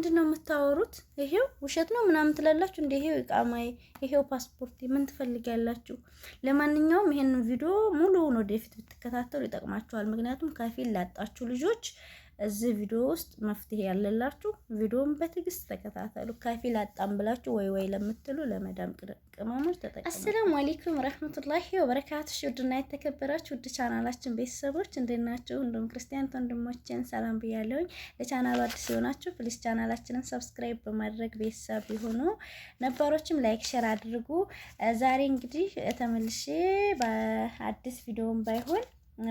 ምንድን ነው የምታወሩት? ይሄው ውሸት ነው ምናምን ትላላችሁ። እንደ ይሄው እቃማዬ፣ ይሄው ፓስፖርቴ፣ ምን ትፈልጋላችሁ? ለማንኛውም ይሄን ቪዲዮ ሙሉውን ወደፊት ብትከታተሉ ይጠቅማችኋል። ምክንያቱም ከፊል ላጣችሁ ልጆች እዚህ ቪዲዮ ውስጥ መፍትሄ ያለላችሁ ቪዲዮን በትዕግስት ተከታተሉ። ከፊል አጣም ብላችሁ ወይ ወይ ለምትሉ ለመዳም ቅመሞች ተጠቀሙ። አሰላሙ አሌይኩም ረህመቱላሂ ወበረካቱ። ውድና የተከበራችሁ ውድ ቻናላችን ቤተሰቦች እንዴት ናችሁ? እንዲሁም ክርስቲያን ወንድሞችን ሰላም ብያለሁኝ። ለቻናሉ አዲስ የሆናችሁ ፕሊስ ቻናላችንን ሰብስክራይብ በማድረግ ቤተሰብ የሆኑ ነባሮችም ላይክ፣ ሼር አድርጉ። ዛሬ እንግዲህ ተመልሼ በአዲስ ቪዲዮም ባይሆን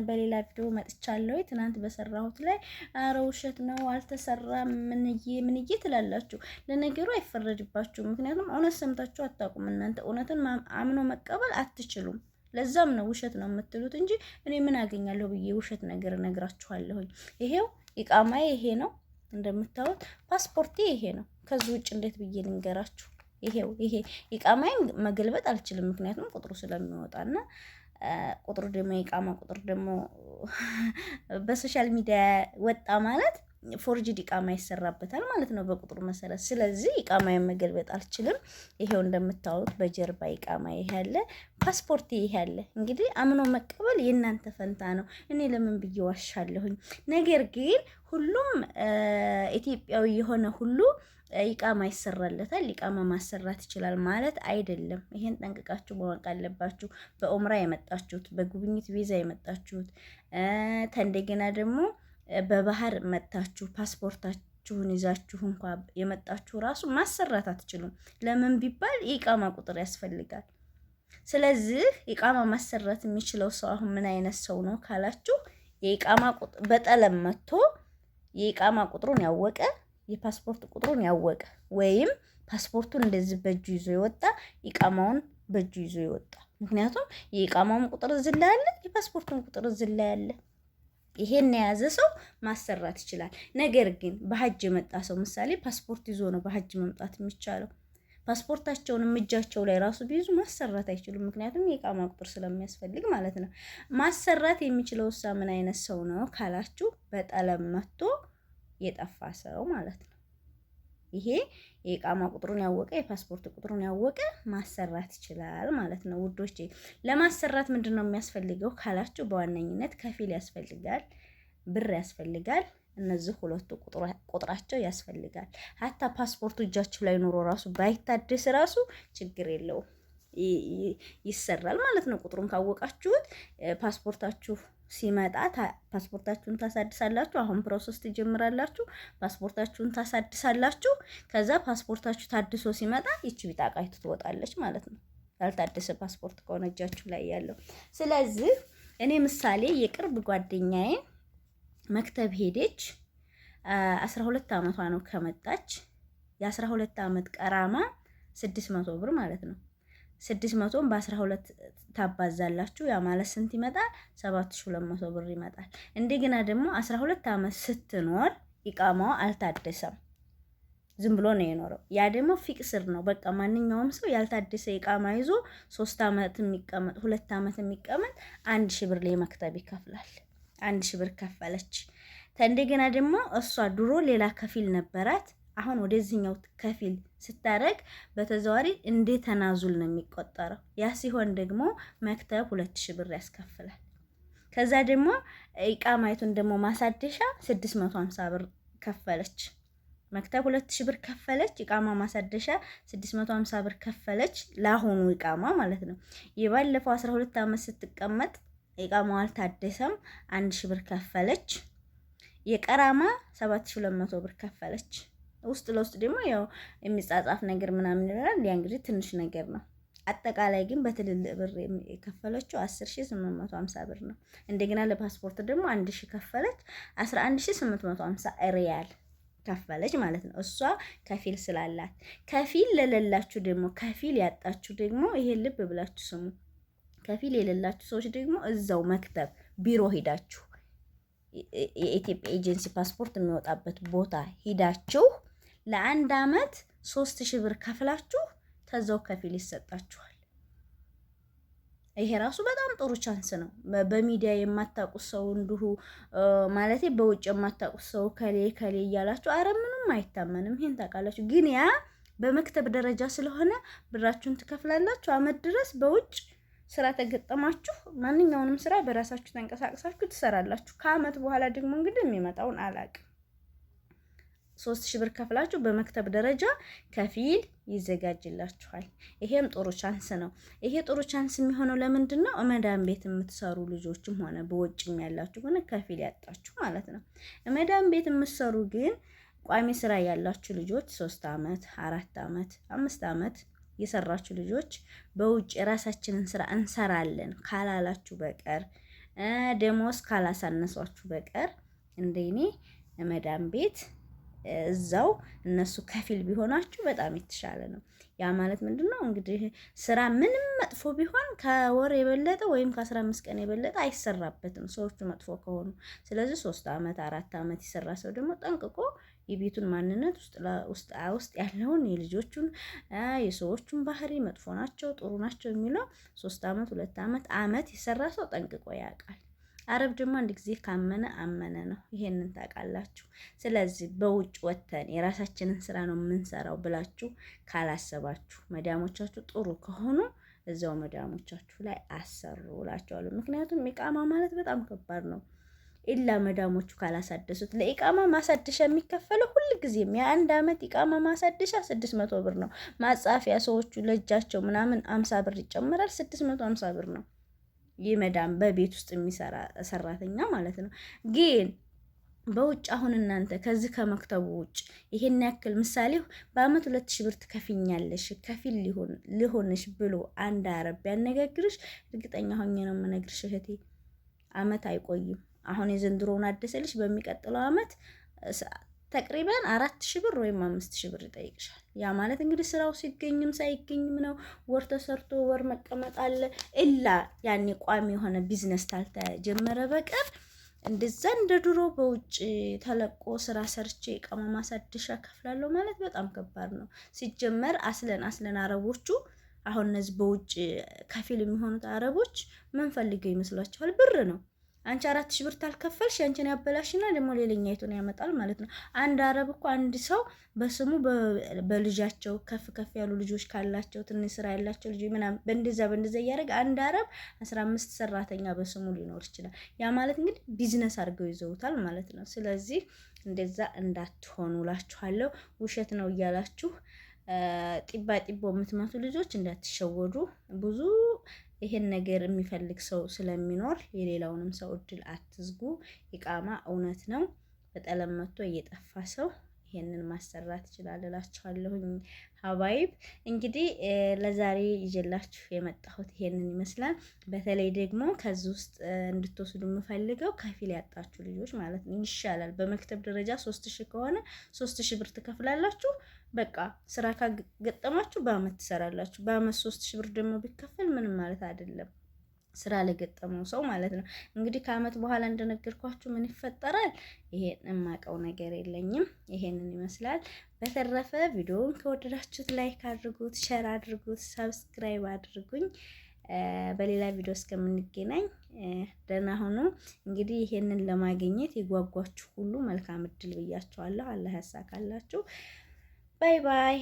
በሌላ ቪዲዮ መጥቻለሁ። ትናንት በሰራሁት ላይ አረ ውሸት ነው አልተሰራ ምንዬ ምንዬ ትላላችሁ። ለነገሩ አይፈረድባችሁ፣ ምክንያቱም እውነት ሰምታችሁ አታውቁም። እናንተ እውነትን አምኖ መቀበል አትችሉም። ለዛም ነው ውሸት ነው የምትሉት እንጂ እኔ ምን አገኛለሁ ብዬ ውሸት ነገር እነግራችኋለሁኝ። ይሄው ኢቃማዬ ይሄ ነው እንደምታዩት፣ ፓስፖርቴ ይሄ ነው። ከዚህ ውጭ እንዴት ብዬ ልንገራችሁ? ይሄው ይሄ ኢቃማዬን መገልበጥ አልችልም፣ ምክንያቱም ቁጥሩ ስለሚወጣና ቁጥር ደግሞ የቃማ ቁጥር ደግሞ በሶሻል ሚዲያ ወጣ ማለት ፎርጅድ ኢቃማ ይሰራበታል ማለት ነው በቁጥሩ መሰረት። ስለዚህ ኢቃማ መገልበጥ አልችልም። ይሄው እንደምታዩት በጀርባ ኢቃማ ይሄ ያለ ፓስፖርት ይሄ ያለ እንግዲህ አምኖ መቀበል የእናንተ ፈንታ ነው። እኔ ለምን ብዬ ዋሻለሁኝ? ነገር ግን ሁሉም ኢትዮጵያዊ የሆነ ሁሉ ኢቃማ ይሰራለታል። ኢቃማ ማሰራት ይችላል ማለት አይደለም። ይሄን ጠንቅቃችሁ ማወቅ አለባችሁ። በኦምራ የመጣችሁት፣ በጉብኝት ቪዛ የመጣችሁት ተንደገና ደግሞ በባህር መጥታችሁ ፓስፖርታችሁን ይዛችሁ እንኳ የመጣችሁ ራሱ ማሰራት አትችሉም። ለምን ቢባል የኢቃማ ቁጥር ያስፈልጋል። ስለዚህ ኢቃማ ማሰራት የሚችለው ሰው አሁን ምን አይነት ሰው ነው ካላችሁ የኢቃማ ቁጥር በጠለም መጥቶ የኢቃማ ቁጥሩን ያወቀ የፓስፖርት ቁጥሩን ያወቀ ወይም ፓስፖርቱን እንደዚህ በእጁ ይዞ የወጣ ኢቃማውን በእጁ ይዞ የወጣ ምክንያቱም የኢቃማውን ቁጥር እዚህ አለ፣ የፓስፖርቱን ቁጥር እዚህ ይሄን የያዘ ሰው ማሰራት ይችላል። ነገር ግን በሀጅ የመጣ ሰው ምሳሌ ፓስፖርት ይዞ ነው በሀጅ መምጣት የሚቻለው። ፓስፖርታቸውንም እጃቸው ላይ ራሱ ቢይዙ ማሰራት አይችሉም። ምክንያቱም የቃ ቁጥር ስለሚያስፈልግ ማለት ነው። ማሰራት የሚችለው እሳ ምን አይነት ሰው ነው ካላችሁ፣ በጠለም መጥቶ የጠፋ ሰው ማለት ነው። ይሄ የኢቃማ ቁጥሩን ያወቀ የፓስፖርት ቁጥሩን ያወቀ ማሰራት ይችላል ማለት ነው ውዶች። ለማሰራት ምንድን ነው የሚያስፈልገው ካላችሁ በዋነኝነት ከፊል ያስፈልጋል፣ ብር ያስፈልጋል። እነዚህ ሁለቱ ቁጥራቸው ያስፈልጋል። ሀታ ፓስፖርቱ እጃችሁ ላይ ኑሮ ራሱ ባይታደስ ራሱ ችግር የለውም ይሰራል ማለት ነው። ቁጥሩን ካወቃችሁት ፓስፖርታችሁ ሲመጣ ፓስፖርታችሁን ታሳድሳላችሁ። አሁን ፕሮሰስ ትጀምራላችሁ። ፓስፖርታችሁን ታሳድሳላችሁ። ከዛ ፓስፖርታችሁ ታድሶ ሲመጣ ይቺ ቢጣቃይቱ ትወጣለች ማለት ነው፣ ያልታደሰ ፓስፖርት ከሆነ እጃችሁ ላይ ያለው። ስለዚህ እኔ ምሳሌ የቅርብ ጓደኛዬ መክተብ ሄደች። አስራ ሁለት አመቷ ነው ከመጣች የአስራ ሁለት አመት ቀራማ ስድስት መቶ ብር ማለት ነው ስድስት መቶን በአስራ ሁለት ታባዛላችሁ። ያ ማለት ስንት ይመጣል? ሰባት ሺ ሁለት መቶ ብር ይመጣል። እንደገና ደግሞ አስራ ሁለት ዓመት ስትኖር ኢቃማው አልታደሰም፣ ዝም ብሎ ነው የኖረው። ያ ደግሞ ፊቅስር ነው። በቃ ማንኛውም ሰው ያልታደሰ ኢቃማ ይዞ ሶስት ዓመት የሚቀመጥ ሁለት ዓመት የሚቀመጥ አንድ ሺ ብር ላይ መክተብ ይከፍላል። አንድ ሺ ብር ከፈለች። እንደገና ደግሞ እሷ ድሮ ሌላ ከፊል ነበራት አሁን ወደዚህኛው ከፊል ስታደረግ በተዘዋሪ እንደ ተናዙል ነው የሚቆጠረው። ያ ሲሆን ደግሞ መክተብ ሁለት ሺ ብር ያስከፍላል። ከዛ ደግሞ ኢቃማይቱን ደግሞ ማሳደሻ ሀምሳ ብር ከፈለች። መክተብ ሺ ብር ከፈለች። ኢቃማ ማሳደሻ ሀምሳ ብር ከፈለች። ለአሁኑ ኢቃማ ማለት ነው። የባለፈው ሁለት አመት ስትቀመጥ ኢቃማው አልታደሰም፣ ሺ ብር ከፈለች። የቀራማ መቶ ብር ከፈለች። ውስጥ ለውስጥ ደግሞ ያው የሚጻጻፍ ነገር ምናምን ይላል። ያ እንግዲህ ትንሽ ነገር ነው። አጠቃላይ ግን በትልልቅ ብር የከፈለችው 10850 ብር ነው። እንደገና ለፓስፖርት ደግሞ 1000 ከፈለች፣ 11850 ሪያል ከፈለች ማለት ነው። እሷ ከፊል ስላላት ከፊል ለሌላችሁ ደግሞ ከፊል ያጣችሁ ደግሞ ይሄ ልብ ብላችሁ ስሙ። ከፊል የሌላችሁ ሰዎች ደግሞ እዛው መክተብ ቢሮ ሂዳችሁ የኢትዮጵያ ኤጀንሲ ፓስፖርት የሚወጣበት ቦታ ሂዳችሁ ለአንድ አመት ሶስት ሺህ ብር ከፍላችሁ ተዛው ከፊል ይሰጣችኋል። ይሄ ራሱ በጣም ጥሩ ቻንስ ነው። በሚዲያ የማታውቁት ሰው እንዲሁ ማለት በውጭ የማታውቁት ሰው ከሌ ከሌ እያላችሁ አረ ምንም አይታመንም። ይሄን ታውቃላችሁ። ግን ያ በመክተብ ደረጃ ስለሆነ ብራችሁን ትከፍላላችሁ። አመት ድረስ በውጭ ስራ ተገጠማችሁ፣ ማንኛውንም ስራ በራሳችሁ ተንቀሳቅሳችሁ ትሰራላችሁ። ከአመት በኋላ ደግሞ እንግዲህ የሚመጣውን አላውቅም። ሶስት ሺህ ብር ከፍላችሁ በመክተብ ደረጃ ከፊል ይዘጋጅላችኋል። ይሄም ጥሩ ቻንስ ነው። ይሄ ጥሩ ቻንስ የሚሆነው ለምንድን ነው? ቤት የምትሰሩ ልጆችም ሆነ በውጭም ያላችሁ ሆነ ከፊል ያጣችሁ ማለት ነው። መዳን ቤት የምትሰሩ ግን ቋሚ ስራ ያላችሁ ልጆች ሶስት አመት፣ አራት አመት፣ አምስት አመት የሰራችሁ ልጆች በውጭ የራሳችንን ስራ እንሰራለን ካላላችሁ በቀር ደሞዝ ካላሳነሷችሁ በቀር እንደኔ መዳን ቤት እዛው እነሱ ከፊል ቢሆናችሁ በጣም የተሻለ ነው። ያ ማለት ምንድን ነው እንግዲህ ስራ ምንም መጥፎ ቢሆን ከወር የበለጠ ወይም ከአስራ አምስት ቀን የበለጠ አይሰራበትም ሰዎቹ መጥፎ ከሆኑ። ስለዚህ ሶስት አመት አራት አመት የሰራ ሰው ደግሞ ጠንቅቆ የቤቱን ማንነት ውስጥ ያለውን የልጆቹን፣ የሰዎቹን ባህሪ መጥፎ ናቸው፣ ጥሩ ናቸው የሚለው ሶስት አመት ሁለት አመት አመት የሰራ ሰው ጠንቅቆ ያውቃል። አረብ ደግሞ አንድ ጊዜ ካመነ አመነ ነው። ይሄንን ታውቃላችሁ። ስለዚህ በውጭ ወጥተን የራሳችንን ስራ ነው የምንሰራው ብላችሁ ካላሰባችሁ መዳሞቻችሁ ጥሩ ከሆኑ እዛው መዳሞቻችሁ ላይ አሰሩ እላቸዋለሁ። ምክንያቱም ኢቃማ ማለት በጣም ከባድ ነው። ኢላ መዳሞቹ ካላሳደሱት ለኢቃማ ማሳደሻ የሚከፈለው ሁልጊዜም የአንድ አመት ኢቃማ ማሳደሻ ስድስት መቶ ብር ነው። ማጻፊያ ሰዎቹ ለእጃቸው ምናምን አምሳ ብር ይጨምራል። ስድስት መቶ አምሳ ብር ነው። ይህ መዳም በቤት ውስጥ የሚሰራ ሰራተኛ ማለት ነው። ግን በውጭ አሁን እናንተ ከዚህ ከመክተቡ ውጭ ይሄን ያክል ምሳሌ በአመት ሁለት ሺህ ብር ትከፍኛለሽ ከፊል ሊሆን ሊሆንሽ ብሎ አንድ አረብ ያነጋግርሽ፣ እርግጠኛ ሆኜ ነው የምነግርሽ እህቴ፣ አመት አይቆይም። አሁን የዘንድሮውን አደሰልሽ በሚቀጥለው አመት ተቅሪበን አራት ሺህ ብር ወይም አምስት ሺህ ብር ይጠይቅሻል። ያ ማለት እንግዲህ ስራው ሲገኝም ሳይገኝም ነው። ወር ተሰርቶ ወር መቀመጥ አለ ኢላ ያኔ ቋሚ የሆነ ቢዝነስ ካልተጀመረ በቀር እንደዛ እንደ ድሮ በውጭ ተለቆ ስራ ሰርቼ እቃማ ማሳደሻ ከፍላለሁ ማለት በጣም ከባድ ነው። ሲጀመር አስለን አስለን አረቦቹ አሁን እነዚህ በውጭ ከፊል የሚሆኑት አረቦች ምን ፈልገው ይመስሏቸዋል? ብር ነው። አንቺ አራት ሺህ ብር ታልከፈልሽ አንቺን ያበላሽና ደግሞ ሌላኛይቱን ያመጣል ማለት ነው። አንድ አረብ እኮ አንድ ሰው በስሙ በልጃቸው ከፍ ከፍ ያሉ ልጆች ካላቸው ትንሽ ስራ ያላቸው ልጆች ምናምን በእንደዛ በእንደዛ እያደረገ አንድ አረብ አስራ አምስት ሰራተኛ በስሙ ሊኖር ይችላል። ያ ማለት እንግዲህ ቢዝነስ አድርገው ይዘውታል ማለት ነው። ስለዚህ እንደዛ እንዳትሆኑ እላችኋለሁ። ውሸት ነው እያላችሁ ጢባ ጢቦ የምትመቱ ልጆች እንዳትሸወዱ ብዙ ይሄን ነገር የሚፈልግ ሰው ስለሚኖር የሌላውንም ሰው እድል አትዝጉ። ኢቃማ እውነት ነው በጠለም መጥቶ እየጠፋ ሰው ይሄንን ማሰራት ይችላል እላችኋለሁኝ። ሀባይብ እንግዲህ ለዛሬ ይዤላችሁ የመጣሁት ይሄንን ይመስላል። በተለይ ደግሞ ከዚህ ውስጥ እንድትወስዱ የምፈልገው ከፊል ያጣችሁ ልጆች ማለት ነው ይሻላል። በመክተብ ደረጃ ሶስት ሺህ ከሆነ ሶስት ሺህ ብር ትከፍላላችሁ። በቃ ስራ ካገጠማችሁ በአመት ትሰራላችሁ። በአመት ሶስት ሺህ ብር ደግሞ ቢከፈል ምንም ማለት አይደለም። ስራ ለገጠመው ሰው ማለት ነው። እንግዲህ ከአመት በኋላ እንደነገርኳችሁ ምን ይፈጠራል? ይሄን የማውቀው ነገር የለኝም። ይሄንን ይመስላል። በተረፈ ቪዲዮውን ከወደዳችሁት ላይክ አድርጉት፣ ሸር አድርጉት፣ ሰብስክራይብ አድርጉኝ። በሌላ ቪዲዮ እስከምንገናኝ ደህና ሁኑ። እንግዲህ ይሄንን ለማግኘት የጓጓችሁ ሁሉ መልካም እድል ብያችኋለሁ። አላህ ያሳካላችሁ። ባይ ባይ።